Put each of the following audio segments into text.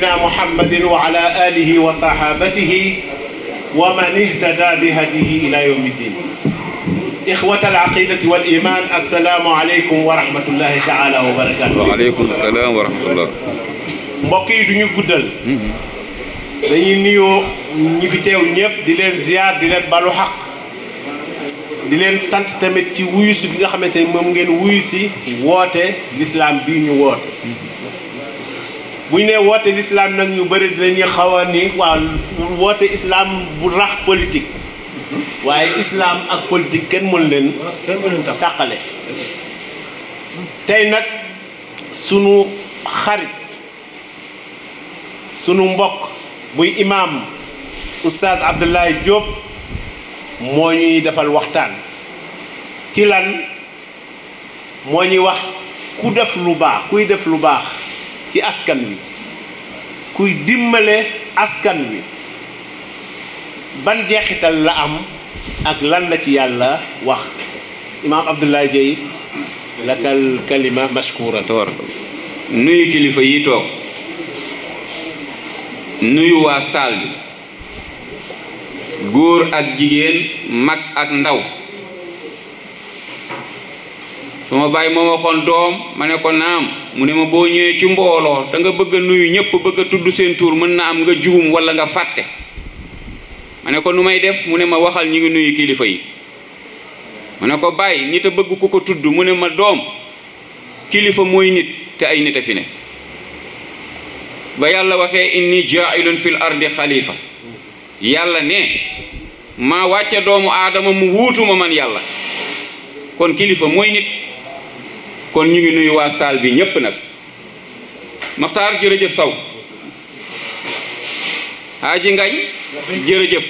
سيدنا محمد وعلى آله وصحابته ومن اهتدى بهديه إلى يوم الدين إخوة العقيدة والإيمان السلام عليكم ورحمة الله تعالى وبركاته وعليكم السلام ورحمة الله mbokk yi du ñu guddal dañuy nuyoo ñi fi teew ñëpp di leen ziar di leen balu xaq di leen sant tamit ci wuyu si bi nga xamante ni moom ngeen wuyu si woote lislaam bii ñu woote bu ñu nee woote lislaam nag ñu bari dinañuy xaw ni waaw woote islaam bu rax politik waaye islaam ak politique kenn mën leen tàqale tey nag sunu xarit sunu mbokk buy imaam oustaz Abdoulaye Diop moo ñuy defal waxtaan ci lan moo ñuy wax ku def lu baax kuy def lu baax ci askan wi kuy dimmale askan wi ban jeexital la am ak lan la ci yàlla wax imaam Abdoulaye Dieye lakal kalima mashkura nuyu kilifa yi toog nuyu waa saal bi góor ak jigéen mag ak ndaw su ma bàyyi moo waxoon doom ma ne ko naam mu ne ma boo ñëwee ci mbooloo da nga bëgg nuyu ñëpp bëgg tudd seen tuur mën na am nga juum walla nga fàtte ma ne ko nu may def mu ne ma waxal ñi ngi nuyu kilifa yi mu ne ko bàyyi nit a bëgg ku ko tudd mu ne ma doom kilifa mooy nit te ay nit a fi ne ba yàlla waxee inni jaailun fii ardi xalifa yàlla ne maa wàcce doomu aadama mu ma man yàlla kon kilifa mooy nit kon ñu ngi nuyu waa saal bi ñépp nag maxtar jërëjëf saw Haaji ngay jërëjëf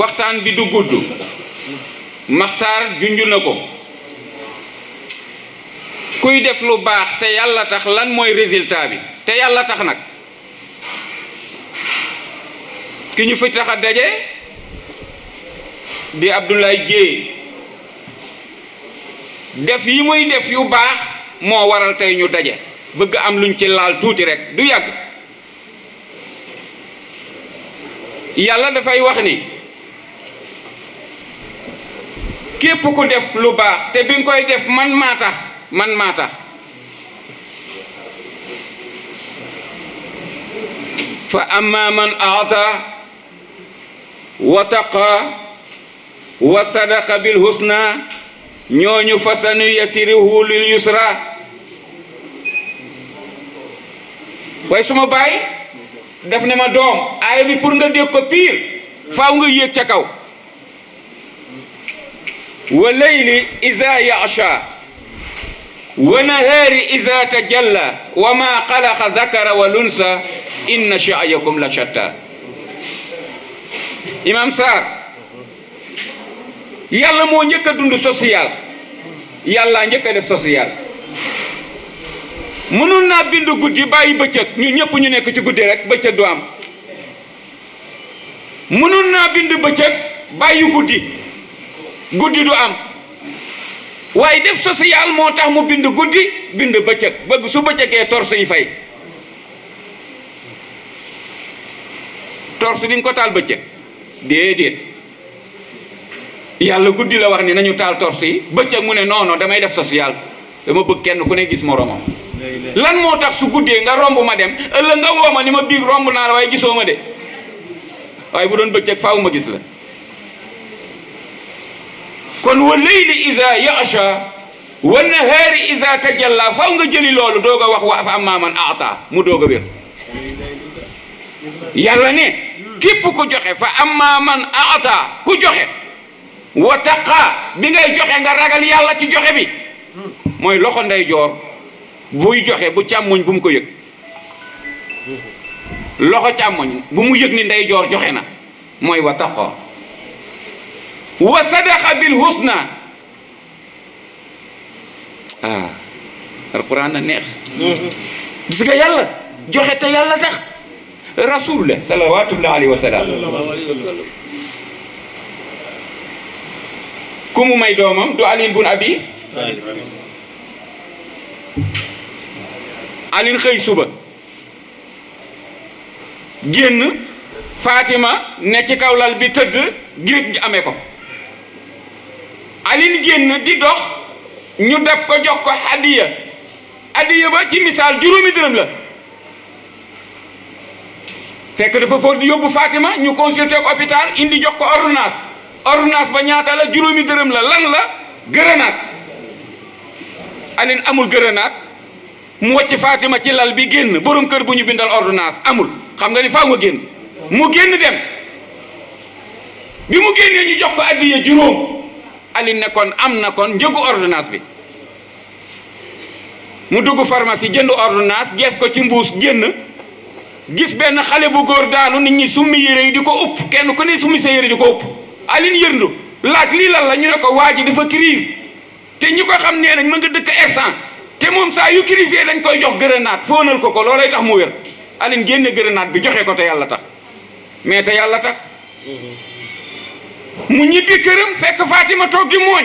waxtaan bi du gudd Maxtaar junj na ko kuy def lu baax te yàlla tax lan mooy résultat bi te yàlla tax nag ki ñu fi tax a daje di Abdoulaye Dieye def yi muy def yu baax moo waral tey ñu daje bëgg am luñ ci laal tuuti rekk du yàgg yàlla dafay wax ni képp ku def lu baax te bi nga koy def man maa tax man maa tax fa amma man aata wa taqa bil husna ñooñu fasanu yasiruhu lil yusra waaye suma baay def ne ma doom aaya bi pour nga dégg ko piir faaw nga yéeg ca kaw wa layli iza yaasha wa nahaari iza tajalla wa ma xalaqa zakara wal unsa inna sha'yakum la shatta imam Sarr yàlla moo njëkk a dund social yàlla njëkk a def social mënoon naa bind guddi bàyyi bëccëg ñun ñëpp ñu nekk ci guddi rek bëccëg du am mënul naa bind bëccëg bàyyi guddi guddi du am waaye def social moo tax mu bind guddi bind bëccëg bëgg su bëccëgee torse yi fay torse di nga ko taal bëccëg déedéet. yàlla guddi la wax ni nañu taal torse yi bëccëg mu ne non damay def social dama bëgg kenn ku ne gis moromam. lan moo tax su guddee nga romb ma dem ëllëg nga woo ma ni ma biig romb naa la waaye gisoo ma de waaye bu doon bëccëg faw ma gis la kon wa leyli isa yacha wa nahaari isa tajalla faaw nga jëli loolu doog a wax wa fa amma man aata mu doo a wér yàlla ne képp ku joxe fa am man aata ku joxe wa taqa bi ngay joxe nga ragal yàlla ci joxe bi mooy loxo ndeyjoor buy joxe bu càmmoñ bu mu ko yëg loxo càmmoñ bu mu yëg ni ndeyjoor joxe na mooy wa taqoo wa sadaqa bil husna ah alquran a neex gis nga yàlla joxe te yàlla tax rasul la salawatullahi alayhi wa sallam ku mu may doomam du Alioune bun Abi Alioune xëy suba génn Fatima ne ci kaw lal bi tëdd grippe gi amee ko Alioune génn di dox ñu dab ko jox ko hadiya hadiya ba ci misaal juróomi dërëm la fekk dafa fóot di yóbbu Fatima ñu consulté hôpital indi jox ko ordonnance ordonnance ba ñaata la juróomi gërëm la lan la gërënaat anin amul gërënaat mu wàcc Fatima ci lal bi génn borom kër bu ñu bindal ordonnance amul xam nga ni faaw nga génn mu génn dem bi mu génnee ñu jox ko addiya juróom alin ne am na kon njëgu ordonnance bi mu dugg pharmacie jënd ordonnance gef ko ci mbuus génn gis benn xale bu góor daanu nit ñi summi yére yi di ko upp kenn ku ne summi sa yére di ko upp Aline Yërndu laaj lii lal la ñu ne ko waa ji dafa crise te ñi ko xam nee nañ ma nga dëkk instant te moom saa yu crise dañ koy jox grenade foonal ko ko loolay tax mu wér Aline génne grenade bi joxee ko te yàlla tax mais te yàlla tax mu ñibbi këram fekk Fatima toog di mooñ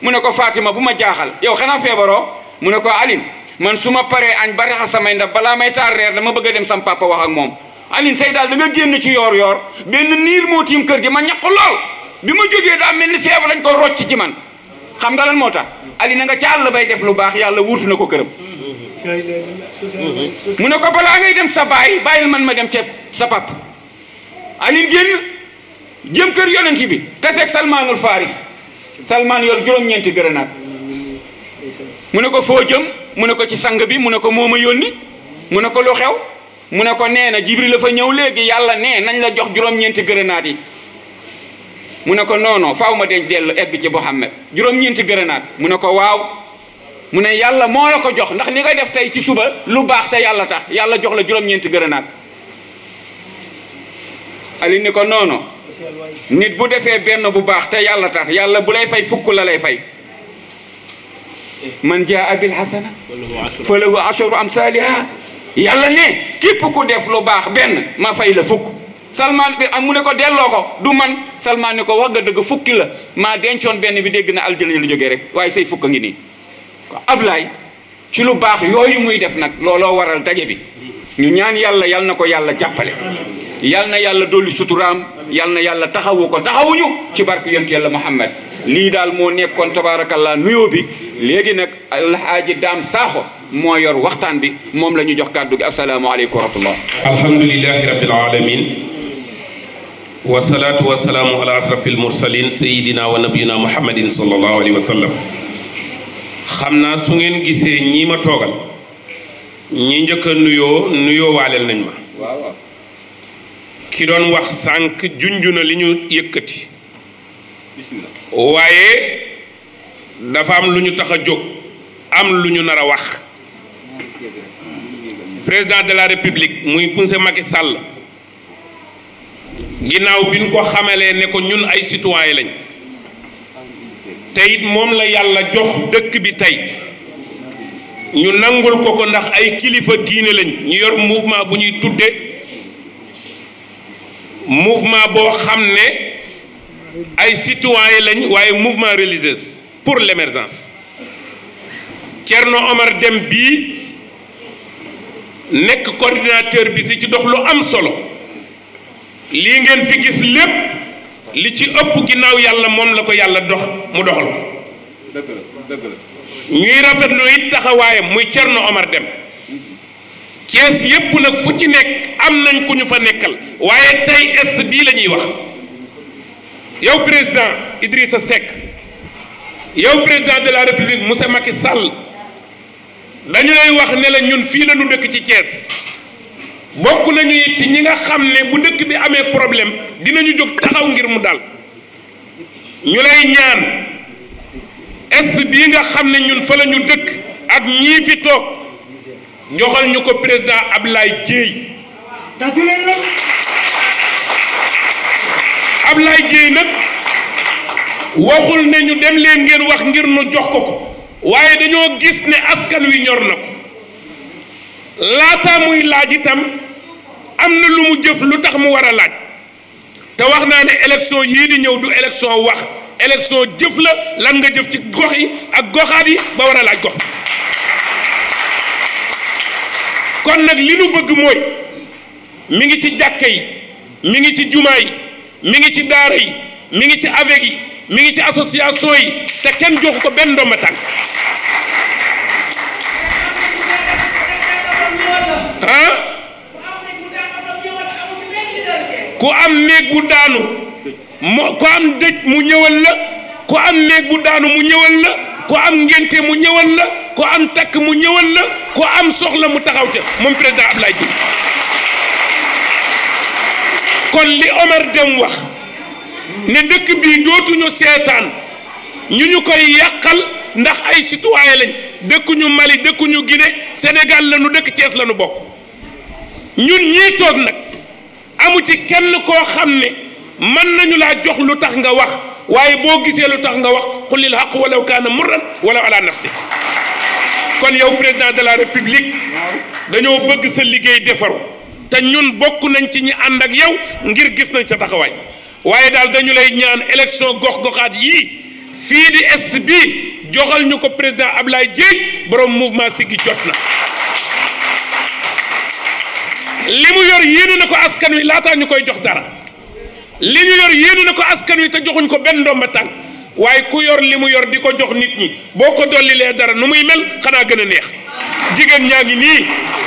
mu ne ko Fatima bu ma jaaxal yow xanaa feebaroo mu ne ko Aline man su ma paree añ ba raxas samay ndab balaa may taar reer dama bëgg a dem sam papa wax ak moom Alioune tey daal da nga génn ci yoor yoor benn niir moo tiim kër gi ma ñaq lool bi ma jógee daa mel ni feebu lañ ko rocc ci man xam nga lan moo tax Alioune na nga ca àll bay def lu baax yàlla wuutu na ko këram mu ne ko balaa ngay dem sa baay bàyyil man ma dem ca sa pap Alioune génn jëm kër yonent bi taseeg salmaanul faaris salmaan yor juróom-ñeenti gërënaat mu ne ko foo jëm mu ne ko ci sang bi mu ne ko moo ma yónni mu ne ko lu xew mu ne ko nee na jibril la fa ñëw léegi yàlla nee nañ la jox juróom-ñeenti grenade yi mu ne ko non faw faaw ma denc dellu egg ci Muhammad juróom-ñeenti grenade mu ne ko waaw mu ne yàlla moo la ko jox ndax li nga def tey ci suba lu baax te yàlla tax yàlla jox la juróom-ñeenti grenade ali ni ko non nit bu defee benn bu baax te yàlla tax yàlla bu lay fay fukk la lay fay man jaa abil hasana falahu asharu amsaliha yàlla ne képp ku def lu baax benn ma fay la fukk salmaan bi am mu ne ko delloo ko du man salmaan ni ko wax nga dëgg fukki la maa dencoon benn bi dégg na aljana lu jógee rek waaye say fukk a ngi nii Ablaay ci lu baax yooyu muy def nag looloo waral daje bi ñu ñaan yàlla yal na ko yàlla jàppale yal na yàlla dolli suturaam yal na yàlla taxawu ko taxawuñu ci barke yonent yàlla Muhammad lii daal moo nekkoon tabaarakallaa nuyoo bi léegi nag alxaaji daam saaxo moo yor waxtaan bi moom la ñu jox kàddu gi asalaamaaleykum wa rahmatullah alhamdulilahi rabbil alamin wasalaatu wasalaamu ala asrafi almursalin sayidina wa nabiyina muhammadin sallallahu alayhi wa sallam xam naa su ngeen gisee ñii ma toogal ñi njëkk nuyoo nuyoo waaleel nañ ma ki doon wax sànq junju li ñu yëkkati waaye dafa am lu ñu tax a jóg am lu ñu nar a wax président de la république muy punse Macky sàll ginnaaw bi ñu ko xamalee ne ko ñun ay citoyen lañ te moom la yàlla jox dëkk bi tey ñu nangul ko ko ndax ay kilifa diine lañ ñu yor mouvement bu ñuy tudde mouvement boo xam ne ay citoyen lañ waaye mouvement religieuse pour l'émergence Thierno Omar Dem bii nekk coordinateur bi di ci dox lu am solo lii ngeen fi gis lépp li ci ëpp ginnaaw yàlla moom la ko yàlla dox mu doxal ko ñuy rafetlu it taxawaayam muy Thierno Omar Dem Cees yépp nag fu ci nekk am nañ ku ñu fa nekkal waaye tey est bii la ñuy wax yow président sa Seck yow président de la république monsieur Macky Sall dañu lay wax ne ñun fii la ñu dëkk ci Thiès bokk nañu it ci ñi nga xam ne bu dëkk bi amee problème dinañu jóg taxaw ngir mu dal ñu lay ñaan est bii nga xam ne ñun fa la ñu dëkk ak ñii fi toog joxal ñu ko président lay Ablaye Dièye Ablaye Dièye nag waxul ne ñu dem leen ngeen wax ngir nu jox ko ko waaye dañoo gis ne askan wi ñor na ko laata muy laaj itam am na lu mu jëf lu tax mu war a laaj te wax naa ne élection yii di ñëw du élection wax élection jëf la lan nga jëf ci gox yi ak goxaat yi ba war a laaj gox kon nag li nu bëgg mooy mi ngi ci jàkka yi mi ngi ci jumaa yi mi ngi ci daara yi mi ngi ci avec yi mi ngi ci association yi te kenn joxu ko benn ndomba tànk ah ku am néeg bu daanu mo ku am dëj mu ñëwal la ku am néeg bu daanu mu ñëwal la ku am ngénte mu ñëwal la ku am takk mu ñëwal la ku am soxla mu taxaw te moom président Abdoulaye Diouf kon li Omar Deme wax ne dëkk bii dootuñu seetaan ñu ñu koy yàqal ndax ay citoyen lañ dëkkuñu Mali dëkkuñu gine Sénégal la ñu dëkk cees lañu bokk ñun ñii toog nag amu ci kenn koo xam ne mën nañu laa jox lu tax nga wax waaye boo gisee lu tax nga wax xulil xaq walaw kaana murran walaw ala nafsi kon yow président de la république dañoo bëgg sa liggéey defaru te ñun bokk nañ ci ñi ànd ak yow ngir gis nañ sa taxawaay waaye daal dañu lay ñaan élection gox-goxaat yii fii di est bi joxal ñu ko président Ablaye Dièye borom mouvement gi jot na li mu yor yéene na ko askan wi laataa ñu koy jox dara li ñu yor yéene na ko askan wi te joxuñ ko benn ndomba tànk waaye ku yor li mu yor di ko jox nit ñi boo ko dollilee dara nu muy mel xanaa gën a neex jigéen ñaa ngi nii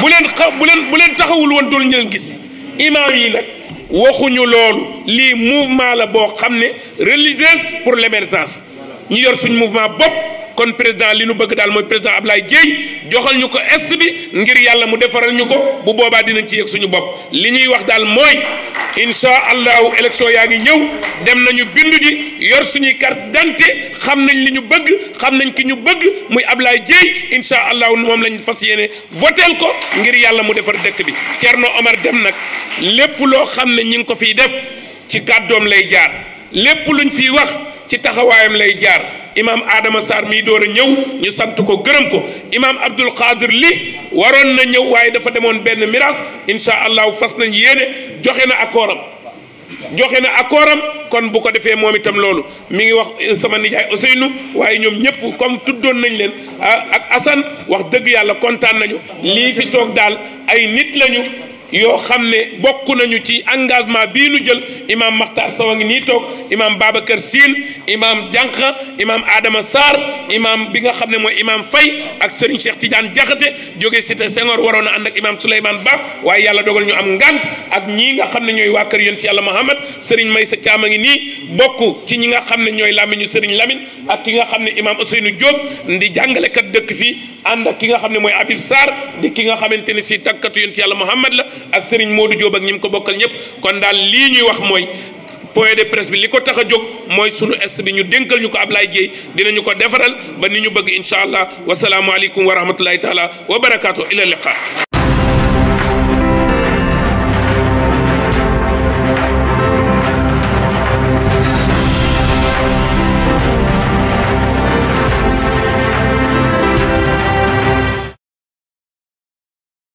bu leen xa bu leen bu leen taxawul woon dul ñu leen gis imaam yi nag waxuñu loolu lii mouvement la boo xam ne religieuse pour l'émergence ñu yor suñ mouvement bopp kon président li nu bëgg daal mooy président Ablaye Dièye joxal ñu ko est bi ngir yàlla mu defaral ñu ko bu boobaa dinañ ci yëg suñu bopp li ñuy wax daal mooy incha allahu élection yaa ngi ñëw dem nañu bindu ji yor suñuy carte d'identité xam nañ li ñu bëgg xam nañ ki ñu bëgg muy Ablaye Dièye incha allahu moom lañ fas yéene voteel ko ngir yàlla mu defar dëkk bi Thierno Omar Dem nag lépp loo xam ne ñi ngi ko fiy def ci kàddoom lay jaar lépp luñ fi wax ci taxawaayam lay jaar. imaam Adama Sarr mii door a ñëw ñu sant ko gërëm ko imaam Abdul Qadir li waroon na ñëw waaye dafa demoon benn miraas incha allahu fas nañ yéene joxe na akooram joxe na akooram kon bu ko defee moom itam loolu mi ngi wax sama nijaay Ousseynou waaye ñoom ñëpp comme tuddoon nañ leen ah, ak Assane wax dëgg yàlla kontaan nañu lii fi toog daal ay nit lañu. yoo xam ne bokk nañu ci engagement bii lu jël imaam Makhtar Sow a ngi nii toog imaam Babacar Sine imaam Diankha imaam Adama Sarr imaam bi nga xam ne mooy imaam fay ak Serigne Cheikh Tidiane Diakhaté jóge cité Senghor waroon a ànd ak imaam Souleymane Ba waaye yàlla dogal ñu am ngant ak ñii nga xam ne ñooy waa kër yonent yàlla Muhammad Serigne Maysa Thiam a ngi nii bokk ci ñi nga xam ne ñooy làmmiñu Serigne Lamine ak ki nga xam ne imaam Ousseynou Diop di jàngalekat dëkk fii ànd ak ki nga xam ne mooy Habib Sarr di ki nga xamante ne si tàkkatu yonent yàlla Muhammad la ak Serigne moodu Diop ak ñi mu ko bokkal ñëpp kon daal lii ñuy wax mooy. point de presse bi li ko tax a jóg mooy sunu est bi ñu dénkal ñu ko ab Ablaye Dieye dinañu ko defaral ba ni ñu bëgg incha allah wasalaamualeykum wa rahmatullahi taala wa barakaatu ila